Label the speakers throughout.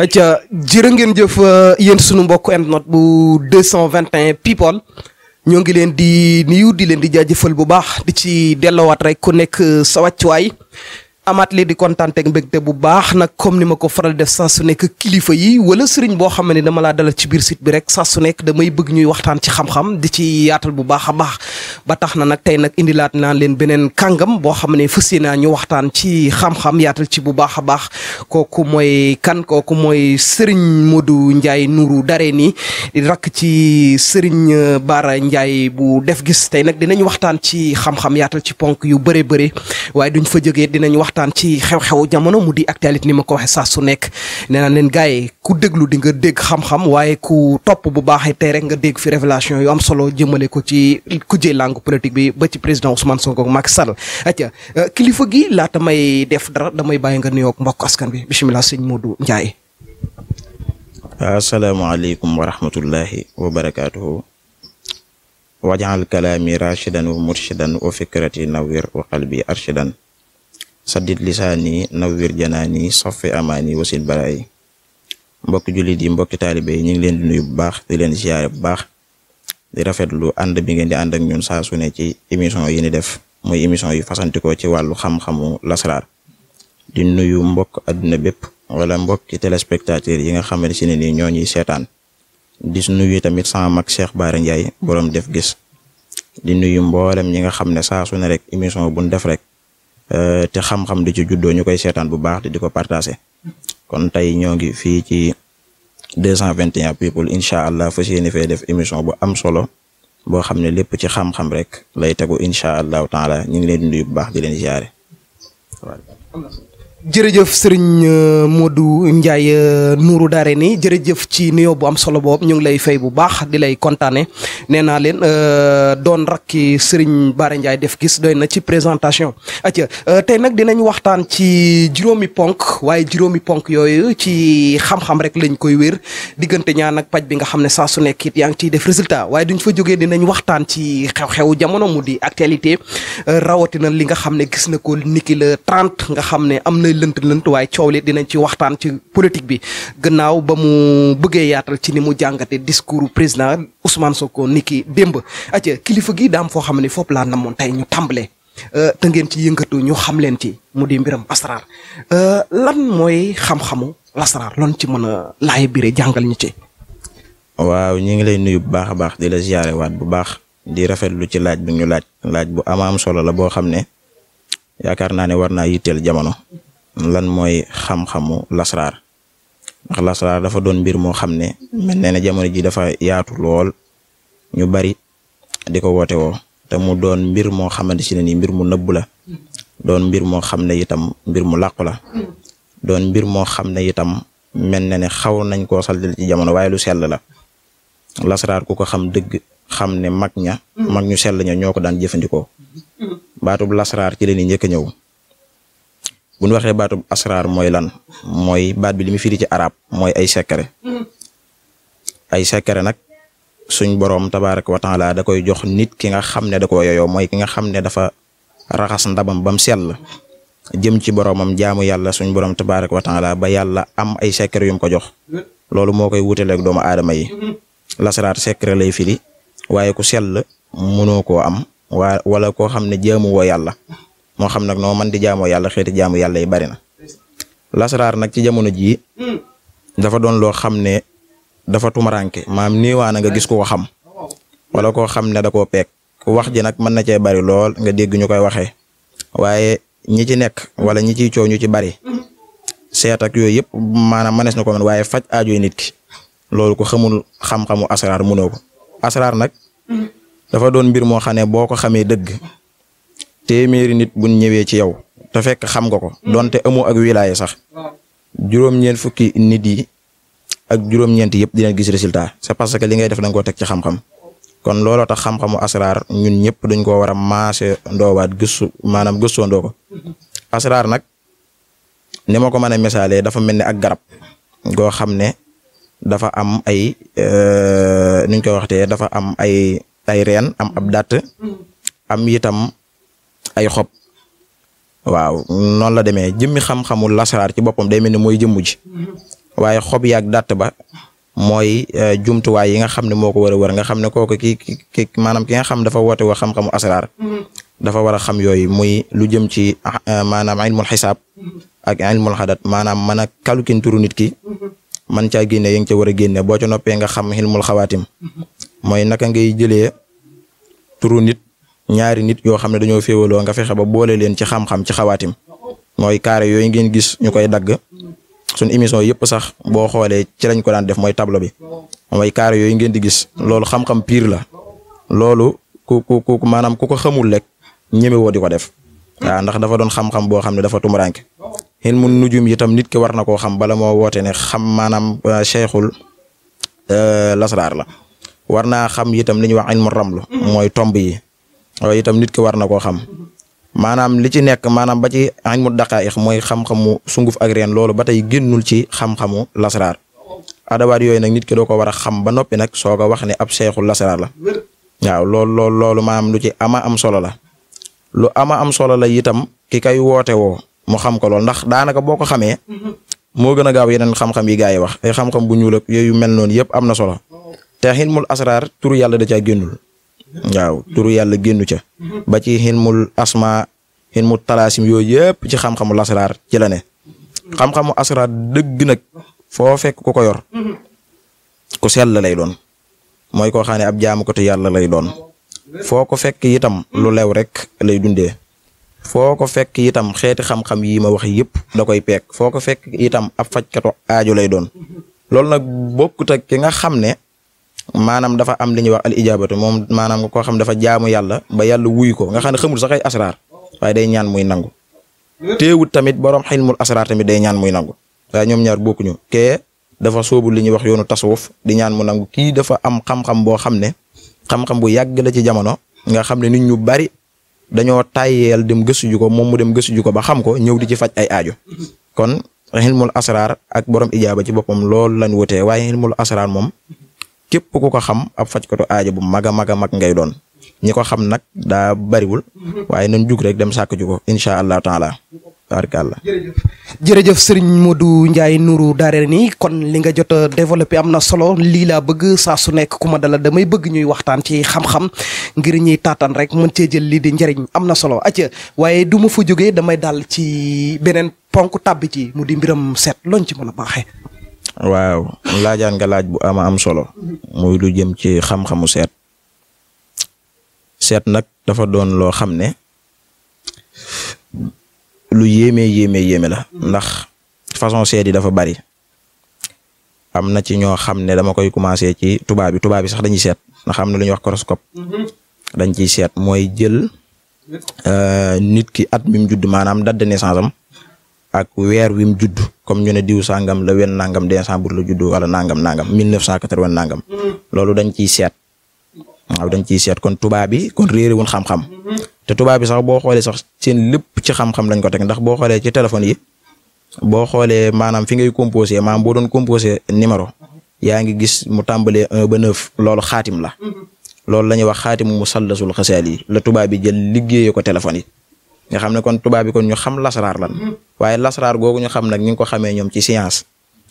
Speaker 1: acca jërë ngeen jëf euh, yéen sunu mbokk internet bu 221 people ñoo ngi leen di nuyu di leen di jaajëfal bu baax di ci delloowaat rek ku nekk euh, sa wàccuwaay amaat lii di kontaan ak mbégte bu baax nag comme ni ma ko faral def saa su nekk kilifa yi wala sëriñ boo xam ne dama laa dalal ci biir site bi rek saa su nekk damay bëgg ñuy waxtaan ci xam-xam di ci yaatal bu baax a baax ba tax na nag tey nag indilaat naa leen beneen kàngam boo xam ne fas yéenaa ñu waxtaan ci xam yaatal ci bu baax a baax kooku mooy kan kooku mooy sëriñ Modou Ndiaye Nourou Darayni di rakk ci sëriñ Bara Ndiaye bu def gis tey nag dinañ waxtaan ci xam-xam yaatal ci ponk yu bëree bëri waaye duñ fa jógee dinañ wax waxtaan ci xew-xewu jamono mu di actualité ni ma ko waxee saa su nekk nee naa leen gars yi ku déglu di nga dégg xam-xam waaye ku topp bu baaxee tey rek nga dégg fi révélation yu am solo jëmale ko ci ku kujje langue politique bi ba ci président Ousmane Sonko Macky Sall acca euh, kilifa gi laata may def dara damay bàyyi nga nuyoog mbokk askan bi bisimilah sëñ Modou Ndiaye.
Speaker 2: asalaamaaleykum wa rahmatullahi wa barakaatuhu. wajaal kalaami rashidan wa murshidan wa fikrati nawir wa qalbi arshidan saddit lisaani nawwir janaani soffi amaani wasil baraay mbokki jullit yi mbokki taalibe yi ñu ngi leen di nuyu bu baax di leen ziyaare bu baax di rafet lu ànd bi ngeen di ànd ak ñun saa su ne ci émission yi ni def mooy émission yu fasantikoo ci wàllu xam-xamu lasraar di nuyu mbokk àdduna bépp wala mbokk mbokki téléspectateur yi nga xamante si ne nii ñoo ñuy seetaan di nuyu tamit sama mak Cheikh Bara Ndiaye borom def gis di nuyu mboolem ñi nga xam ne saa ne rek émission buñ def rek. Euh, te xam-xam di ci juddoo ñu koy seetaan bu baax te di ko partagé kon tey ñoo ngi fii ci 221 people incha allah fas yéene fee def émission bu am solo boo xam ne lépp ci xam-xam rek lay tegu incha allah taala ñu ngi leen di bu baax di leen ziare.
Speaker 1: jërëjëf sëriñ euh, Modou Ndiaye euh, Nourou nii jërëjëf ci nuyoo bu am solo boobu ñu ngi lay fay bu baax di lay kontaane nee naa leen euh, doon rakki sëriñ Bara Ndiaye def gis doy na ci présentation. atia tey nag dinañ waxtaan ci juróomi ponk waaye juróomi ponk yooyu ci xam-xam rek lañ koy wér diggante ñaan ak paj bi nga xam ne saa su nekk it yaa ngi ciy def résultat waaye duñ fa jógee dinañ waxtaan ci xew xew jamono mu di actualité rawatina li nga xam ne gis na ko niki le nga xam ne am lay lënt lënt waaye coow li dinañ ci waxtaan ci politique bi gannaaw ba mu bëggee yaatal ci ni mu jàngate discours président Ousmane Sonko ni ki démb aja kilifa gi daam foo xam ne foofu laa namoon tey ñu tàmbalee euh, te ngeen ci yëngatu ñu xam leen ci mu di mbiram asraar euh, lan mooy xam-xamu lasraar loon ci mën a laay biire jàngal ñu ci
Speaker 2: waaw ñu ngi lay nuyu bu baax a baax di la ziyaare waat bu baax di rafetlu ci laaj bi ñu laaj laaj bu am solo la boo xam ne yaakaar naa ne war jamono lan mooy xam-xamu lasraar dafa doon mbir moo xam ne mel ne na jamono ji dafa yaatu lool ñu bari di ko woote woo te mu doon mbir moo xamante si ne nii mbir mu nëbb la doon mbir moo xam ne itam mbir mu làqu la doon mbir moo xam ne itam mel na ne xaw nañ koo saldal ci jamono waaye lu sell la lasraar ku ko xam dëgg xam ne mag ña mag ñu sell ña ñoo ko daan jëfandikoo baatu lasraar ci la ñuy njëkk a ñëw bu ñu waxee baatub asraar mooy lan mooy baat bi li mu firi ci arab mooy ay secret mm-hmm. ay secret nag suñ boroom tabaaraka wa da koy jox nit ki nga xam ne da ko yoyo mooy ki nga xam ne dafa raxas ndabam bam sell jëm ci boroomam jaamu yàlla suñ boroom tabaaraka wa taala ba yàlla am ay secret yum ko jox loolu moo koy wutaleeg doomu aadama yi
Speaker 3: mm-hmm.
Speaker 2: lasaraar secret lay firi waaye ku sell mënoo ko am waa wala koo xam ne jaamu wo yàlla moo xam nag noo man di jaamoo yàlla xeeti jaamu yàlla yi bari na lasaraar nag ci jamono jii hmm. dafa doon loo xam ne dafa tumaranke maam niiwaana nga gis ku ko xam wala koo xam ne da koo peeg wax ji nag mën na cee bari lool nga dégg ñu koy waxee waaye ñi ci nekk wala ñi ci coow ñu ci bari seet ak yooyu yëpp maanaam mënees na ko man waaye faj aajoy nit loolu ko xamul xam-xamu asraar mënoo ko asraar nag hmm. dafa doon mbir moo xam ne boo ko xamee dëgg téeméeri nit buñ ñëwee ci yow te fekk xam nga ko mm. donte amoo ak wilaaye sax juróom-ñeent fukki nit yi ak juróom-ñeent yëpp dina gis résultat c'est parce que li ngay def da nga ko teg ci xam-xam kon looloo tax xam-xamu asraar ñun ñëpp dañ koo war a maase ndoowaat gëstu maanaam gëstoondoo ko mm-hmm. asraar nag ni ma ko mën a misaalee dafa mel ni ak garab goo xam ne dafa am ay euh, nuñ koy waxtee dafa am ay ay reen am ab dàtt mm-hmm. am itam ay xob waaw noonu la demee jëmmi xam-xamu lasaraar ci boppam day mel ni mooy jëmmu waaye xob yaag dàtt ba mooy eh, jumtuwaay yi nga xam ne moo ko war a wër nga xam ne kooku ki ki maanaam nga xam dafa woote wa xam-xamu asraar dafa war a xam yooyu muy lu jëm ci eh, maanaam ilmul xisaab ak ilmul xadat maanaam mën a kalukin turu nit ki man caa génne yi nga ca war a génne boo ca noppee nga xam ilmul xawaatim mooy naka ngay jëlee turu nit ñaari nit yoo xam ne dañoo féewaloo nga fexe ba boole leen ci xam-xam ci xawaatim mooy carré yooyu ngeen gis ñu koy dagg suñ émission yëpp sax boo xoolee ci lañ ko daan def mooy tablo bi mooy carré yooyu ngeen di gis loolu xam-xam pire la loolu ku ku ku maanaam ku ko xamul rek ñemewoo di ko def waaw ndax dafa doon xam-xam boo xam ne dafa tumuranke ilmu nujum itam nit ki war na koo xam bala moo woote ne xam maanaam euh, cheikhul euh, lasraar la war naa xam itam li ñuy wax ilmu ramlu mm-hmm. mooy tomb yi loolu itam nit ki war na koo xam maanaam li ci nekk maanaam ba ci añ mu daqaaix mooy xam mu sunguf ak reen loolu ba tey génnul ci xam-xamu lasaraar adawaat yooyu nag nit ki doo ko war a xam ba noppi nag soo ko wax ne ab seexul lasaraar la waaw loolu loolu loolu maanaam lu ci ama am solo la lu ama am solo la itam ki kay woote woo mu xam ko lool ndax daanaka boo ko xamee moo gën a gaaw yeneen xam-xam yi gaa yi wax ay xam-xam bu ñuul yooyu mel noonu yëpp am na solo yàlla da caa génnul waaw turu yàlla génnu ca. ba ci xilmul asma mu talaasim yooyu yëpp ci xam-xamu lasraar ci la ne. xam-xamu asraar dëgg nag foo fekk ku ko yor ku sell lay doon mooy koo xam ne ab jaamukatu yàlla lay doon foo ko fekk itam lu lew rek lay dundee. foo ko fekk itam xeeti xam-xam yi ma wax yëpp da koy peek foo ko fekk itam ab fajkatu aajo lay doon loolu nag bokkut ak ki xam ne maanaam dafa am li ñuy wax al ijaabatu moom maanaam koo xam dafa jaamu yàlla ba yàlla wuyu ko nga xam ne xamul sax ay asraar waaye day ñaan muy nangu teewut tamit borom xilmul asraar tamit day ñaan muy nangu waaye ñoom ñaar ñu kee dafa soobu li ñuy wax yoonu tasawuf di ñaan mu nangu kii dafa am xam-xam boo xam ne xam-xam bu yàgg la ci jamono nga xam ne nit ñu bari dañoo tàyyeel dem gëstu ji ko moom mu dem gëstu ji ko ba xam ko ñëw di ci faj ay aajo kon xilmul asraar ak borom ijaaba ci boppam loolu lañ wutee waaye xilmul asraar moom képp ku ko xam ab fajkatu aajo bu mag a mag a mag ngay doon ñi ko xam nag daa bariwul waaye nañ jug rek dem sàkk ju ko incha allah taala tabarkàlla
Speaker 1: jërëjëf sëriñ Modou Ndiaye Nourou nii kon li nga jot a développé am na solo lii laa bëgg saa su nekk ku ma dala damay bëgg ñuy waxtaan ci xam-xam ngir ñii taataan rek mën cee jël lii di njëriñ am na solo acca waaye du ma fa jógee damay daal ci beneen ponk tàbbi ci mu di mbiram seet looñ ci mën a baaxee
Speaker 2: waaw laajaan nga laaj bu ama am solo muy lu jëm ci xam-xamu seet seet nag dafa doon loo xam ne lu yéeme yéeme yéeme la ndax façon seet yi dafa bari am na ci ñoo xam ne dama koy commencé ci tubaab bi tubaab bi sax dañuy seet ndax am na lu ñuy wax horoscope dañ ciy seet mooy jël euh, nit ki at bi judd maanaam date de am ak weer wi mu judd comme ñu ne sangam la wen nangam décembre la juddoo wala nangam nangam 1980 nangam loolu dañ ciy seet waaw dañ ciy seet kon tubaab bi kon réeré wuñ xam-xam te tubaab bi sax boo xoolee sax seen lépp ci xam-xam lañ ko teg ndax boo xoolee ci téléphone yi boo xoole maanaam fi ngay composé maanaam boo doon composé numéro yaa ngi gis mu tàmbalee un ba neuf loolu xaatim la loolu la ñuy wax xaatimu musallasul xasaal yi la tubaab bi jël liggéeyee ko téléphone yi. nga xam ne kon tubaab bi kon ñu xam lasaraar lan hmm. waaye lasaraar googu ñu xam nag ñu ko xamee ñoom ci science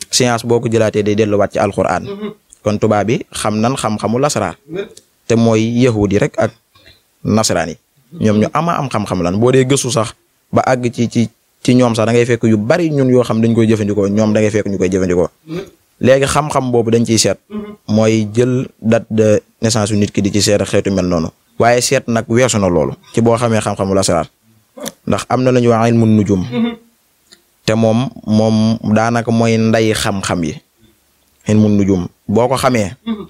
Speaker 2: science boo ko jëlaatee day delluwaat ci alxuraan hmm. kon tubaab yi xam nan xam-xamu lasaraar hmm. te mooy yahudi rek ak nasaraan yi ñoom ñu ama am xam-xam lan boo dee gëstu sax ba àgg ci ci ci ñoom sax da ngay fekk yu bari ñun yoo xam dañ koy jëfandikoo ñoom da ngay fekk ñu koy jëfandikoo léegi xam-xam boobu dañ ciy seet mooy jël date de naissance yu ki di ci seet ak xeetu mel noonu waaye seet nag weesu na loolu ci boo xamee xam-xamu ndax am na lu ñuy wax ilmu nujum mm-hmm. te moom moom daanaka mooy nday xam-xam yi mu nujum boo ko xamee mm-hmm.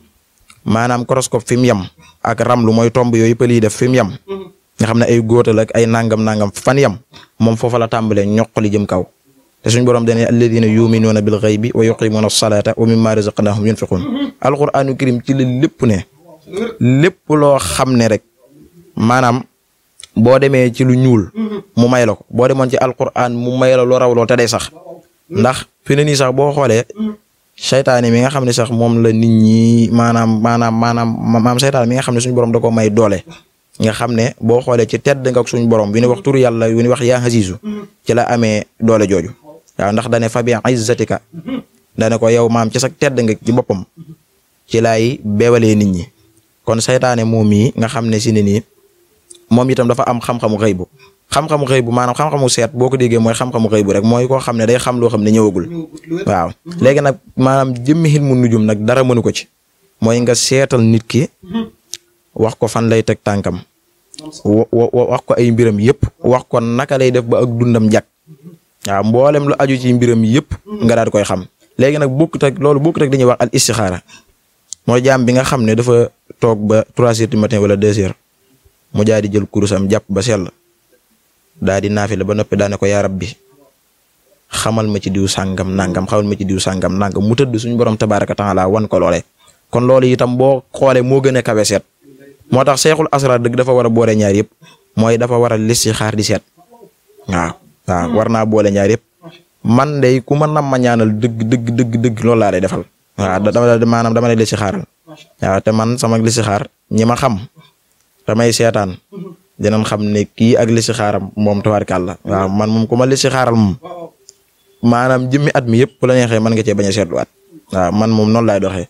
Speaker 2: maanaam horoscope fi mu yem ak ramlu mooy tomb yooyu pël yi def fi mu yem mm-hmm. nga xam ne ay góotal ak ay nangam nangam fan yem moom foofa la tàmbalee ñoq li jëm kaw te suñ borom dane alladina yuminuuna bil ghaybi wa yuqimuuna salaata wa mimma razaqnahum yunfiqun alquranu karim ci la lépp ne lépp loo xam ne rek boo demee ci lu ñuul mhm. mu may la ko boo demoon ci alquran mu may la lu raw lool te day sax ndax fi ne nii sax boo xoolee mhm. seytaane mi nga xam ne sax moom la nit ñi maanaam maanaam maanaam maam seytaane mi nga xam ne suñu borom da ko may doole nga xam ne boo xoolee ci tedd nga ak suñu borom bi ñu wax turu yàlla yu ñu wax yaa xasiisu mhm. ci la amee doole jooju waaw ndax dane fa bi izzatika dane ko yow maam ci sax tedd nga ci boppam ci lay beewalee nit ñi kon seytaane moom mii nga xam ne si ne nii moom itam dafa am xam xëy bu xam-xamu xëy bu maanaam xam-xamu seet boo ko déggee mooy xam-xamu xëy bu rek mooy ko xam ne day xam loo xam ne ñëwagul waaw léegi nag maanaam jëmmi xilmu nujum nag dara mënu ko ci mooy nga seetal nit ki wax ko fan lay teg tànkam wax ko ay mbiram yëpp wax ko naka lay def ba ak dundam jag waaw mboolem lu aju ci mbiram yëpp nga daal koy xam léegi nag bokkut ak loolu bokkut ak dañuy wax al istixaara mooy jaam bi nga xam ne dafa toog ba trois heures du wala deux heures moo jaa di jël kurusam jàpp ba sell daal di la ba noppi daane ko yaa rabbi xamal ma ci diw sàngam nangam xamal ma ci diw sàngam nangam mu tëdd suñu borom tabaaraka taala wan ko loole kon loolu itam boo xoolee moo gën a kawe seet moo tax seexul asrar dëgg dafa war a boole ñaar yëpp mooy dafa war a xaar di seet waaw waaw war naa boole ñaar yëpp man de ku ma nam ma ñaanal dëgg dëgg dëgg dëgg loolu laa lay defal waaw dama maanaam dama lay listixaaral waaw te man sama listixaar damay seetaan dinañ xam ne kii ak li si xaaram moom tabaarkàlla waaw man moom ku ma li si xaaral moom jëmmi at mi yëpp bu la neexee mën nga cee bañ a seetluwaat waaw man moom noonu laay doxee.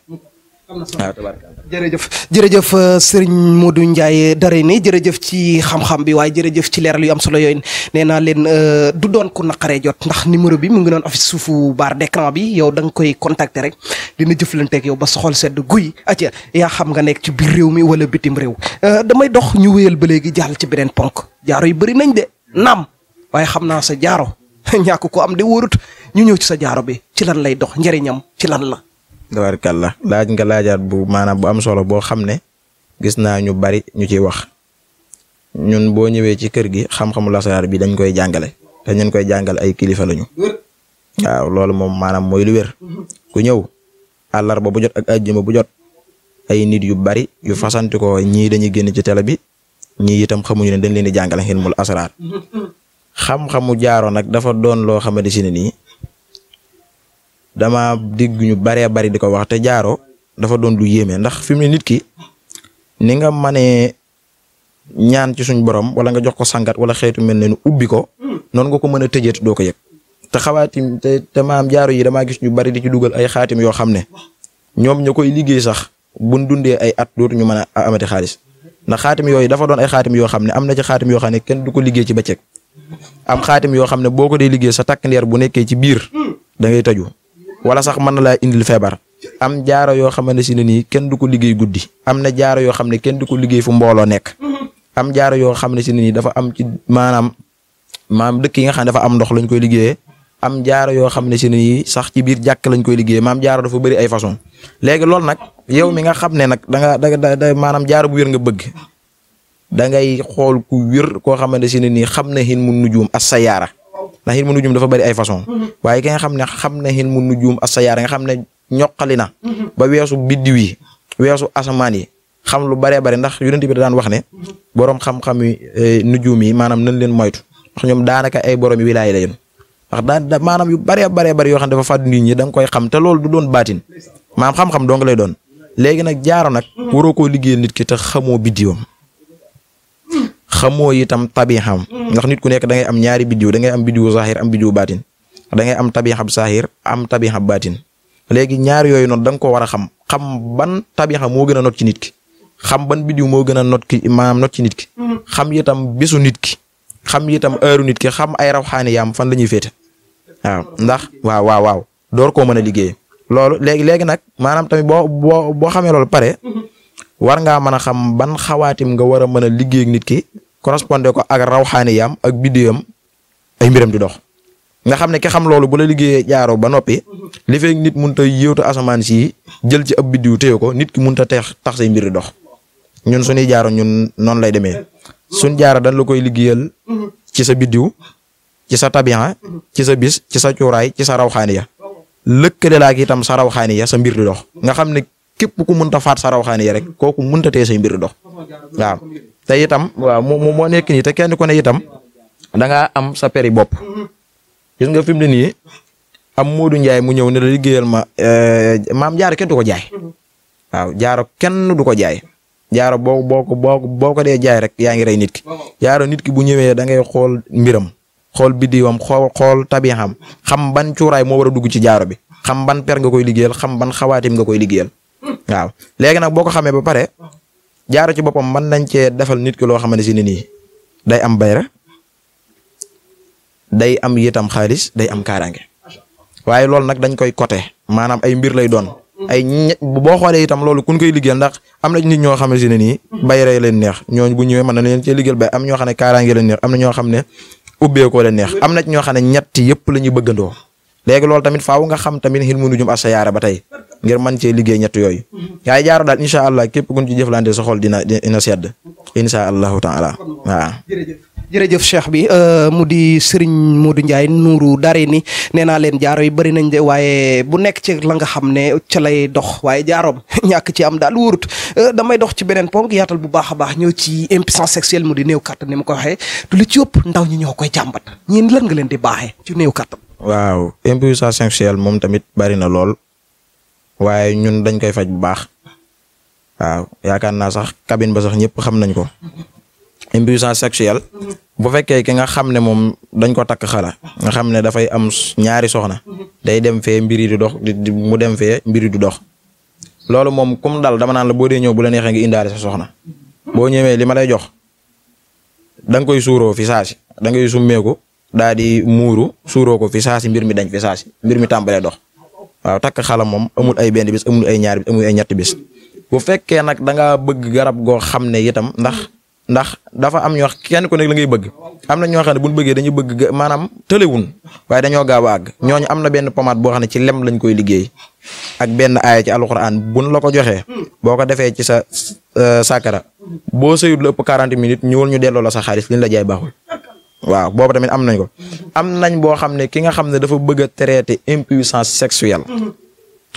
Speaker 1: waaw tabaarkalla jërëjëf jërëjëf euh, sëriñ Modou Ndiaye nii jërëjëf ci xam-xam bi waaye jërëjëf ci leeral yu am solo yooyu nee naa leen euh, du doon ku naqaree jot ndax numéro bi mu ngi doon office suufu barre d'écran bi yow da nga koy contacter rek dina jëflanteeg yow ba soxol sedd guy atia yaa xam nga nekk ci biir réew mi wala bitim réew euh, damay dox ñu wéyal ba léegi jàll ci beneen ponk jaaro yi bëri nañ de naam waaye xam naa sa jaaro ñàkk ko am de wóorut ñu ñëw ci sa jaaro bi ci lan lay dox njëriñam ci lan la.
Speaker 2: tabarkàlla laaj nga laajaat bu maanaam bu am solo boo xam ne gis naa ñu bari ñu ciy wax ñun boo ñëwee ci kër gi xam-xamu lasaraar bi dañ koy jàngale te ñun koy jàngal ay kilifa lañu waaw loolu moom maanaam mooy lu wér ku ñëw àllarba bu jot ak àjjuma bu jot ay nit yu bari yu fasanti ko ñii dañuy génn ci télé bi ñii itam xamuñu ne dañ leen di jàngale mul asraar xam-xamu jaaro nag dafa doon loo xamante si ne nii dama dégg ñu baree bari di ko wax te jaaro dafa doon lu yéeme ndax fi mu ne nit ki ni nga mënee ñaan ci suñ borom wala nga jox ko sangat wala xeetu mel ne nu ubbi ko noonu nga ko mën a tëjeet doo ko yëg te xawaatim te te maam jaaro yi damaa gis ñu bari di ci dugal ay xaatim yoo xam ne ñoom ña koy liggéey sax buñ dundee ay at ñu mën a amati xaalis ndax xaatim yooyu dafa doon ay xaatim yoo xam ne am na ci xaatim yoo xam ne kenn du ko liggéey ci bëccëg am xaatim yoo xam ne boo ko dee liggéey sa takk bu nekkee ci biir da ngay tëju wala sax mën na laa indil feebar am jaaro yoo xamante si ne nii kenn du ko liggéey guddi am na jaaro yoo xam ne kenn du ko liggéey fu mbooloo nekk am jaaro yoo xam ne si ne nii dafa am ci maanaam maam dëkk yi nga xam ne dafa am ndox lañ koy liggéeyee am jaaro yoo xam ne si ne nii sax ci biir jàkk lañ koy liggéeyee maam jaaro dafa bëri ay façon léegi loolu nag yow mi nga xam ne nag danga nga maanaam jaaro bu wér nga bëgg dangay xool ku wér koo xamante si ne nii xam na hin mu nujuum as sa yaara ndax xilmu nujum dafa bari ay façon mhm. waaye ki nga xam ne xam na xilmu nujum asayaar nga xam ne ñoqali na mhm. ba weesu biddiw yi weesu asamaan yi xam lu baree bari ndax yonent bi daan wax ne mhm. borom xam-xam yi eh, nujum yi maanaam nañ leen moytu ndax ñoom daanaka ay borom yi wilaay la yéen ndax daa maanaam yu baree bare bari yoo xam ne dafa fàddu nit ñi da nga koy xam te loolu du doon baatin maanaam xam-xam dong lay doon léegi nag jaaro nag waroo koo liggéeyal nit ki te xamoo biddiwam xamoo itam xam ndax nit ku nekk da ngay am ñaari biddiw da ngay am biddiwu zahir am biddiwu baatin da ngay am tabixab zahir am tabixab baatin léegi ñaar yooyu noonu da ko war a xam xam ban tabixa moo gën a not ci nit xam ban biddiw moo gën a not ki maanaam not ci nit ki xam itam bisu nit ki xam itam heure nit ki xam ay raw rawxaani yaam fan lañuy ñuy féete waaw ndax waaw waaw waaw door ko mën a liggéey loolu léegi léegi nag maanaam tamit boo boo boo xamee lool pare war ngaa mën a xam ban xawaatim nga war a mën a liggéey nit ki correspondé ko ak rawxaaniyaam ak biddéeyam ay mbiram di dox nga xam ne ki xam loolu bu la liggéeyee jaaro ba noppi li fekk nit munut a yéewtu asamaan si jël ci ab biddiw téye ko nit ki munut a teex tax say mbir di dox ñun suñuy jaaro ñun noonu lay demee suñ jaaro dañ la koy liggéeyal ci sa biddiw ci sa tabian ci sa bis ci sa cuuraay ci sa rawxaani ya lëkkale laa ki itam sa rawxaani ya sa mbir di dox nga xam ne képp ku mun ta faat sa rawxaani ya rek kooku mun tee say mbir dox te itam waaw mo mo nekk nii te kenn ku ne itam da ngaa am sa peri bopp gis nga fi mu ne nii am Modou Ndiaye mu ñëw ne la liggéeyal ma eh, maam jaaro kenn du ko jaay jaaro kenn du ko jaay jaaro boo boo ko boo ko dee jaay rek yaa ngi rey nit ki jaaro nit ki bu ñëwee da ngay xool mbiram xool biddiwam xool xool tabixam xam ban cuuraay moo wara dugg ci jaaro bi xam ban per nga koy liggéeyal xam ban xawaatim nga koy liggéeyal waaw léegi nag boo xamee ba pare jaaro ci boppam mën nañ cee defal nit ki loo xam ne si ne nii day am bayra day am yitam xaalis day am kaaraange waaye loolu nag dañ koy côté maanaam ay mbir lay doon ay boo xoolee itam loolu kun koy liggéeyal ndax am nañ nit ñoo xam ne nii bayra leen neex ñooñu bu ñëwee mën na leen cee liggéeyal bay am ñoo xam ne kaaraange leen neex am na ñoo xam ne ubbeekoo leen neex am na ñoo xam ne ñetti yëpp la ñuy bëggandoo léegi loolu tamit faaw nga xam tamit xilmu nujum assayaara ba tey ngir man cee liggéey ñett yooyu yaay jaaro daal incha allah képp ku ñu ci jëflante sa xol dina dina sedd incha allahu taala
Speaker 1: jërëjëf cheikh bi euh, mu di Serigne Modou Ndiaye nuuru dare ni nee naa leen jaaro yi bëri nañ de waaye bu nekk ci la nga xam ne ca lay dox waaye jaaroom ñàkk ci am daal wóorut euh, damay dox ci beneen ponk yaatal bu baax a baax ñëw ci impuissance sexuelle mu di néew kàttan ni mu ko waxee tu li ci ëpp ndaw ñi ñoo koy jàmbat ñeen lan nga leen di baaxee ci néew kàttan
Speaker 2: waaw impuissance sexuelle moom tamit bari na lool waaye ñun dañ koy faj bu baax waaw yaakaar naa sax cabine ba sax ñëpp xam nañ ko impuissance sexuelle bu fekkee ki nga xam ne moom dañ ko takk xala nga xam ne dafay am ñaari soxna day dem fe mbiri du dox di mu dem fee mbiri du dox loolu moom kum dal dama naan la boo dee ñëw bu la neexee nga indaale sa soxna boo ñëwee li ma lay jox da koy suuroo fi saasi da ngay summeeku daa di muuru suuroo ko fi saasi mbir mi dañ fi saasi mbir mi tàmbalee dox waaw takk xala moom amul ay benn bis amul ay ñaar bis ñetti bis bu fekkee nag danga bëgg garab goo xam ne itam ndax ndax dafa am ñoo kenn ku nekk la ngay bëgg am na ñoo xam ne bu ñu bëggee dañu bëgg maanaam tëlewun waaye dañoo gaaw a àgg ñooñu am na benn pomade boo xam ne ci lem lañ koy liggéey ak benn aaya ci alxuraan buñ la ko joxee boo ko defee ci sa euh, sakara boo sëyul lu ëpp 40 minutes ñëwul ñu delloo la sa xaalis liñ la jaay baaxul. waaw boobu tamit am nañ ko am nañ boo xam ne ki nga xam ne dafa bëgg a traiter impuissance sexuelle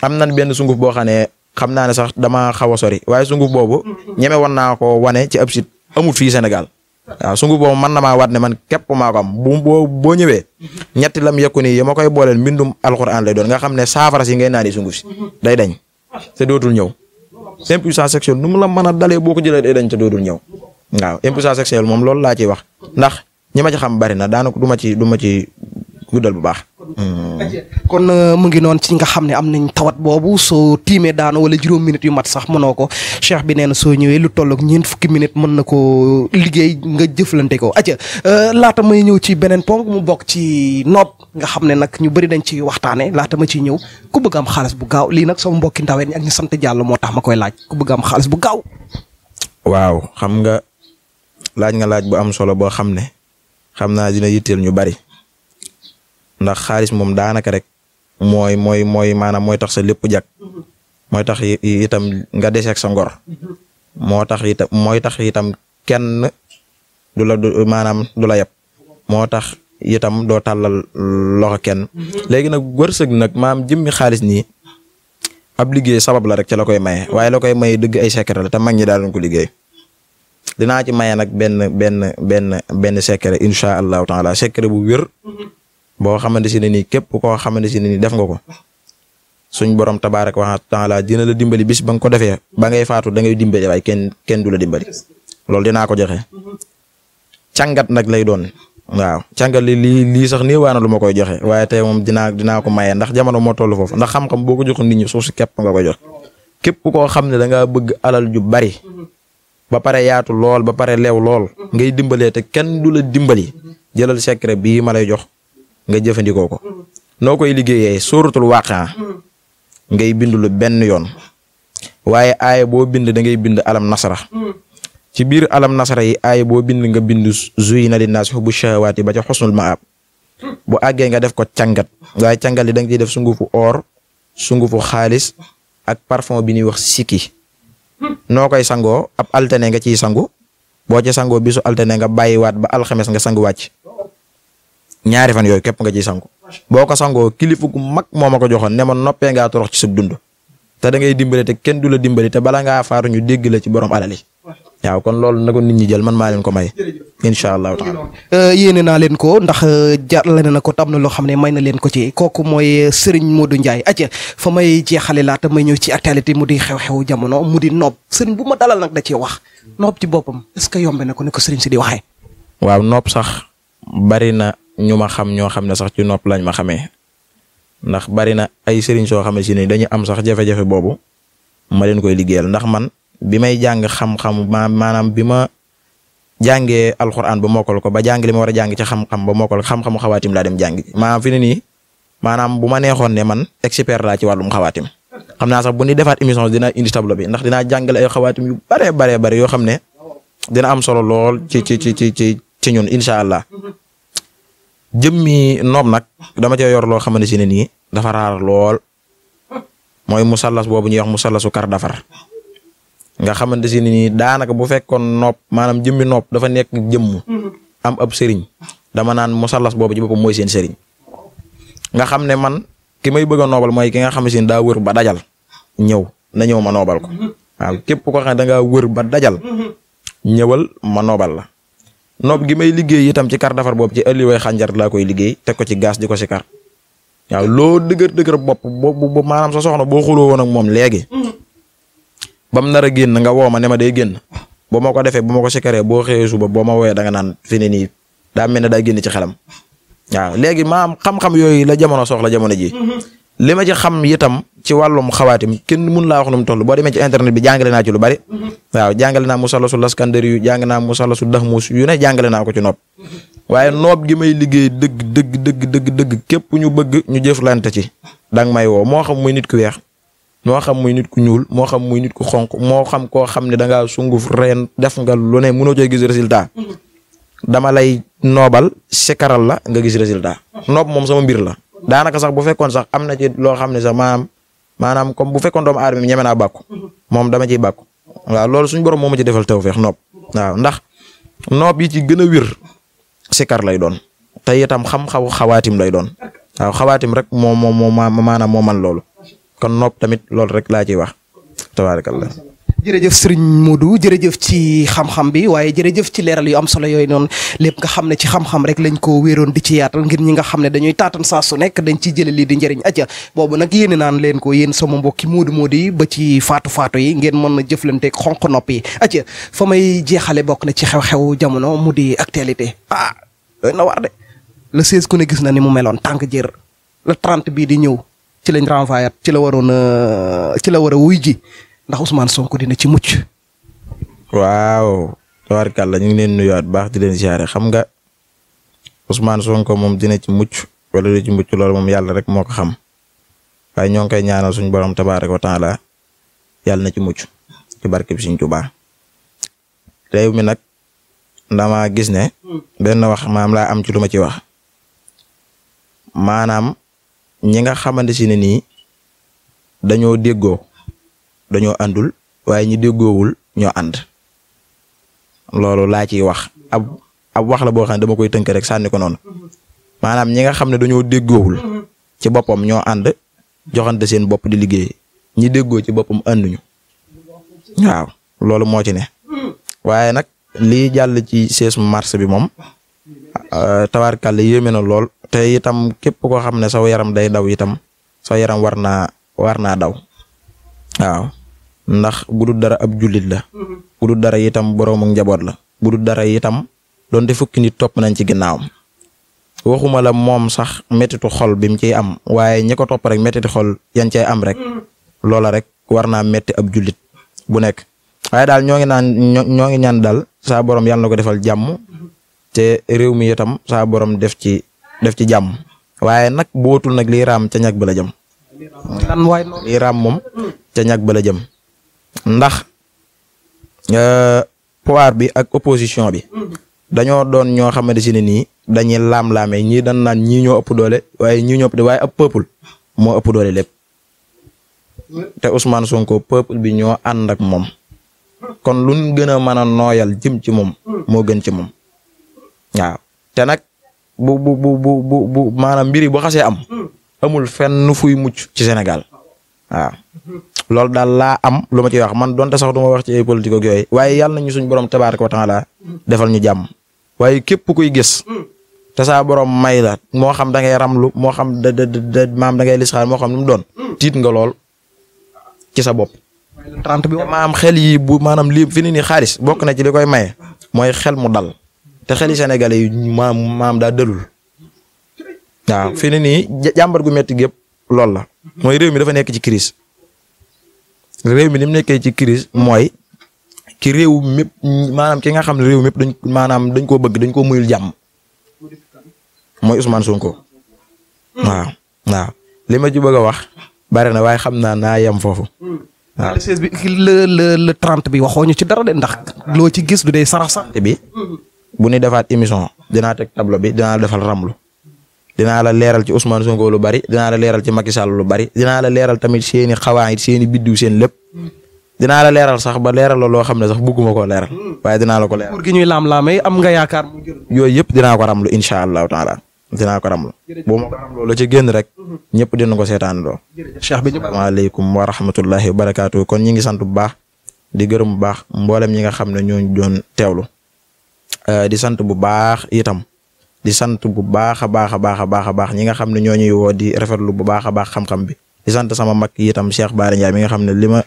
Speaker 2: am nañ benn sunguf boo xam ne xam naa ne sax dama xaw a sori waaye sunguf boobu ñeme woon naa ko wane ci ab site amul fii Sénégal waaw sunguf boobu man na maa waat ne man képp maa am bu boo boo ñëwee ñetti lam yekku nii yi ma koy booleel mbindum alxuraan lay doon nga xam ne saafara si ngay naani sunguf si day dañ te dootul ñëw impuissance sexuelle nu mu la mën a dalee boo ko jëlee day dañ te dootul ñëw waaw impuissance moom loolu laa ciy wax ndax ñu ma ci xam bari na daanaka du ma ci du ma ci guddal bu baax. Mm.
Speaker 1: kon euh, mu ngi noon ci nga xam ne am nañ tawat boobu soo tiimee daanu wala juróom minutes yu mat sax mënoo ko cheikh bi nee na soo ñëwee lu tollook ñeent fukki minutes mën na ko liggéey nga jëflante ko acca euh, laata may ñëw ci beneen ponk mu bokk ci nopp nga xam ne nag ñu bëri dañ ci waxtaane laata ma ciy ñëw ku bëgg am xaalis bu gaaw lii nag sama mbokki ndaween ñi ak ñu sant jàll moo tax ma koy laaj ku bëgg am xaalis bu gaaw
Speaker 2: xam nga laaj nga laaj bu am solo boo xam ne xam naa dina yitteel ñu bari ndax xaalis moom daanaka rek mooy mooy mooy maanaam mooy tax sa lépp jag mooy tax itam nga deseeg sa ngor moo tax itam mooy tax itam kenn du la du maanaam du la yab moo tax itam doo tàllal loxo kenn léegi nag wërsëg nag maam jëmmi xaalis nii ab liggéey sabab la rek ci la koy maye waaye la koy maye dëgg ay secret la te mag ñi daal doon ko liggéey dinaa ci maye nag benn benn benn benn secret incha allahu taala secret bu wér boo xamante si ne nii képp koo xamante si ne nii def nga ko suñ borom tabaaraka wa taala dina la dimbali bis ba nga ko defee ba ngay faatu dangay ngay dimbali waaye kenn kenn du la dimbali loolu dinaa ko joxe càngat nag lay doon. waaw càngat li lii lii sax nii waa na lu ma koy joxe waaye tey moom dinaa dinaa ko maye ndax jamono moo toll foofu ndax xam-xam boo ko joxoon nit ñi suuf si képp nga koy jox képp koo xam ne danga bëgg alal ju bari ba pare yaatu lool ba pare leew lool mm-hmm. ngay dimbalee te kenn du la dimbali jëlal secret bii ma lay jox nga jëfandikoo ko mm-hmm. noo koy liggéeyee sóoratul waaqia mm-hmm. ngay bind lu benn yoon waaye aaya boo bind da ngay bind alam nasara ci biir alam nasara yi aaya boo bind nga bind zuy na linnaasi xubbu shahawaati ba ca xusnul maab bu àggee nga def ko càngat waaye càngat li da def sungufu or sungufu xaalis ak parfum bi ñuy wax sikki noo koy sangoo ab altine nga ciy sangu boo ci sangoo bi su altine nga bàyyiwaat ba alxemes nga sangu wàcc ñaari fan yooyu képp nga ciy sangu boo ko sangoo kilifa gu mag moo ma ko joxoon ne ma noppee ngaa torox ci sub dund te dangay ngay dimbali te kenn du la dimbali te bala ngaa faatu ñu dégg la ci borom alal yi waaw kon loolu na ko nit ñi jël man maa leen ko may incha allahu taala euh,
Speaker 1: yéene naa leen ko ndax euh, jàllale na ko tam na loo xam ne may na leen ko ci kooku mooy euh, Serigne Modou Ndiaye aca fa may jeexale laata may ñëw ci actualité mu di xew-xew jamono mu di noob Serigne bu ma dalal nag da cee wax noob ci boppam est-ce que yombe na ko ne ko Serigne si di waxee
Speaker 2: waaw noob sax bari na ñu ma xam ñoo xam ne sax ci nopp lañ ma xamee ndax bari na ay sëriñ soo xam ne si ne am sax jafe boobu bi may jàng xam-xam maanaam bi ma jàngee alxuraan ba mokkal ko ba jàng li ma war a jàng ci xam-xam ba mokkal xam-xamu xawaatim laa dem jàng maa fi ne nii maanam bu ma neexoon ne man expert laa ci wàllum xawaatim xam naa sax bu ñu defaat émission dina indi bi ndax dinaa jàngale ay xawaatim yu bare bare bare yoo xam ne dina am solo lool ci ci ci ci ci ci ñun incha allah jëm mi noob nag dama cee yor loo si ne nii dafa lool mooy musallas boobu ñuy wax musallasu kar dafar nga xamante si ni daanaka bu fekkoon nopp maanaam jëmmi nopp dafa nekk jëmm. Mm-hmm. am ab sëriñ dama naan musallas boobu ci boppam mooy seen sëriñ nga xam ne man ki may bëgg a noobal mooy ki nga xam ne si daa wër ba dajal ñëw na ñëw ma noobal ko mm-hmm. waaw képp koo xam ne da ngaa ba dajal mm-hmm. ñëwal ma noobal la. nopp gi may liggéey tam ci kar dafar boobu ci ëlliway xànjar laa koy liggéey teg ko ci gaz di ko ci kar waaw loo dëgër dëgër bopp bu maanaam sa soxna boo xuloo woon ak moom léegi. ba mu nar a génn nga woo ma ne ma day génn ba ma ko defee ba ma ko sikaree boo xëyee suba boo ma woowee da naan fi ne nii daa mel ne daa génn ci xelam waaw léegi maam xam-xam yooyu la jamono soxla jamono ji mm-hmm. li ma ci xam itam ci wàllum xawaatim kenn mun laa wax nu mu toll boo demee ci internet bi jàngale naa ci lu bari mm-hmm. waaw jàngale naa musalasu laskandari yu jàng naa musalasu daxmuus yu ne jàngale naa ko ci nopp mm-hmm. waaye noob gi may liggéey dëgg dëgg dëgg dëgg dëgg képp ñu bëgg ñu jëflante ci dang may woo moo xam muy nit ku weex moo xam muy nit ku ñuul moo xam muy nit ku xonq moo xam koo xam ne danga ngaa sunguf reen def nga lu ne mënoo cee gis résultat dama lay noobal sikaral la nga gis résultat noob moom sama mbir la daanaka sax bu fekkoon sax am na ci loo xam ne sax maanaam maanaam comme bu fekkoon doom aadama bi ñeme naa bàkku moom dama ciy bàkku waaw loolu suñu borom moom ma ci defal tawfeex noob waaw ndax noob yi ci gën a wér sikar lay doon te itam xam-xaw lay doon waaw xawaatim rek moo moo moo maanaam moo man loolu kon nopp tamit loolu rek laa ciy wax tabaarakallah
Speaker 1: jërëjëf sëriñ Modou jërëjëf ci xam-xam bi waaye jërëjëf ci leeral yu am solo yooyu noonu lépp nga xam ne ci xam-xam rek lañ ko wéeroon di ci yaatal ngir ñi nga xam ne dañuy taatan saa su nekk dañ ciy jële lii di njëriñ aja boobu nag yéene naan leen ko yéen sama mbokki Modou Modou yi ba ci faatu faatu yi ngeen mën na jëflanteeg xonq nopp yi aja fa may jeexale bokk na ci xew-xew jamono mu di actualité ah doy na waar le 16 ku ne gis na ni mu meloon tànk jër le 30 bii di ñëw ci lañ renvoyé ci la waroon ci la war wuy ji ndax Ousmane Sonko dina ci mucc.
Speaker 2: waaw. tabaarkàlla ñu ngi leen nuyuwaat baax
Speaker 1: di leen siyaare xam nga
Speaker 2: Ousmane Sonko moom dina ci mucc wala dina ci mucc loolu moom yàlla rek moo ko xam waaye ñoo ngi koy ñaanal suñu borom tabaaraka wa taala yàlla na ci mucc ci barke bi Sëriñ Tuubaa réew mi nag ndama gis ne hmm. benn wax maam laa am ci lu ma ci wax maanaam ñi nga xamante si ne nii dañoo déggoo dañoo àndul waaye ñi déggoowul ñoo ànd loolu laa ciy wax ab ab wax la boo xam ne dama koy tënk rek sànni ko noonu maanaam ñi nga xam ne dañoo déggoowul ci boppam ñoo ànd joxante seen bopp di liggéey ñi déggoo ci boppam ànduñu waaw loolu moo ci ne waaye nag lii jàll ci 16 mars bi moom euh, tawaarkàlla yéeme na lool te itam képp koo xam ne saw yaram day daw itam saw yaram war naa war naa daw waaw ndax bu dara ab jullit la mm-hmm. bu dara itam boroomu njaboot la bu dara itam doonte fukki nit topp nañ ci ginnaawam waxuma la moom sax méttitu xol bi mu ciy am waaye ñi ko topp rek méttitu xol yan cay am rek mm-hmm. loola rek war naa métti ab jullit bu nekk waaye daal ñoo ngi naan ñoo ngi ñaan daal saa borom yàlla na ko defal jàmm mm-hmm. te réew mi itam saa borom def ci def ci jàmm waaye nag bootul nag lii raam ca ñag ba la jëm. lan waay lii raam moom ca ñag ba la jëm ndax euh, pouvoir bi ak opposition bi dañoo doon ñoo xamante si ne nii dañuy laam-laamee ñii dañ naan ñii ñoo ëpp doole waaye ñii ñoo ëpp waaye ab peuple moo ëpp doole lépp te Ousmane Sonko peuple bi ñoo ànd ak moom kon lu gën a mën a nooyal jëm ci moom moo gën ci moom waaw te nag bu bu bu bu bu maanaam mbir yi bu xasee am hmm. amul fenn fuy mucc ci Sénégal waaw loolu daal laa am lu ma ciy wax man doon sax du ma wax ci ay politique ak yooyu waaye yàlla ñu suñ borom tabaaraka wa taala defal ñu jàmm waaye képp kuy gis hmm. te saa borom may la moo xam dangay ngay ramlu moo xam da da da maam da ngay lisxaar moo xam lu mu doon hmm. tiit nga lool ci sa bopp. bi maanaam xel yi bu maanaam lii fi ni nii xaalis bokk na ci li koy maye mooy xel mu dal. te xeli Sénégalais yi maam maam daa dëlul waaw fi ne nii jàmbar gu metti gépp loolu la mooy réew mi dafa nekk ci crise réew mi ni mu nekkee ci crise mooy ki réew mépp maanaam ki nga xam ne réew mépp dañ maanaam dañ koo bëgg dañ koo muyul jàmm mooy Ousmane Sonko waaw waaw li ma ci bëgg a wax bari na waaye xam naa naa yam foofu waaw. le le bi waxoo ñu ci dara de ndax loo ci gis du dee sarax sax bi. bu ñu defaat émission dinaa teg tableau bi dinaa defal ramlu dinaa la leeral ci Ousmane Sonko lu bari dinaa la leeral ci Macky Sall lu bari dinaa la leeral tamit seen i xawaayit seen i biddiw seen lépp dinaa la leeral sax ba leeral la loo xam ne sax bëgguma koo leeral waaye dinaa la ko leeral. pour gi ñuy laam-laamee am yaakaar. yooyu yëpp dinaa ko ramlu incha allahu taala dinaa ko ramlu. boo ma ko ramloo ci génn rek. ñëpp dina ko seetaan doo. cheikh bi asalaamaaleykum wa rahmatullahi wa barakaatu kon ñi ngi sant bu baax di gërëm bu baax mboolem ñi nga xam ne ñoo doon teewlu Euh, di sant bu baax itam di sant bu baax a baax a baax a baax a baax ñi nga xam ne ñoo ñuy woo di rafetlu bu baax a baax xam-xam bi di sant sama mag itam Cheikh Bara Ndiaye mi nga xam ne li ma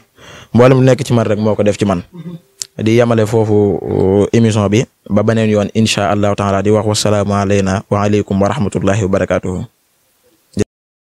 Speaker 2: mboolem nekk ci man rek moo ko def ci man. di yemale foofu uh, émission bi ba beneen yoon incha allahu taala di wax wasalaamu alayna wa aleykum wa rahmatullahi wa barakatuhu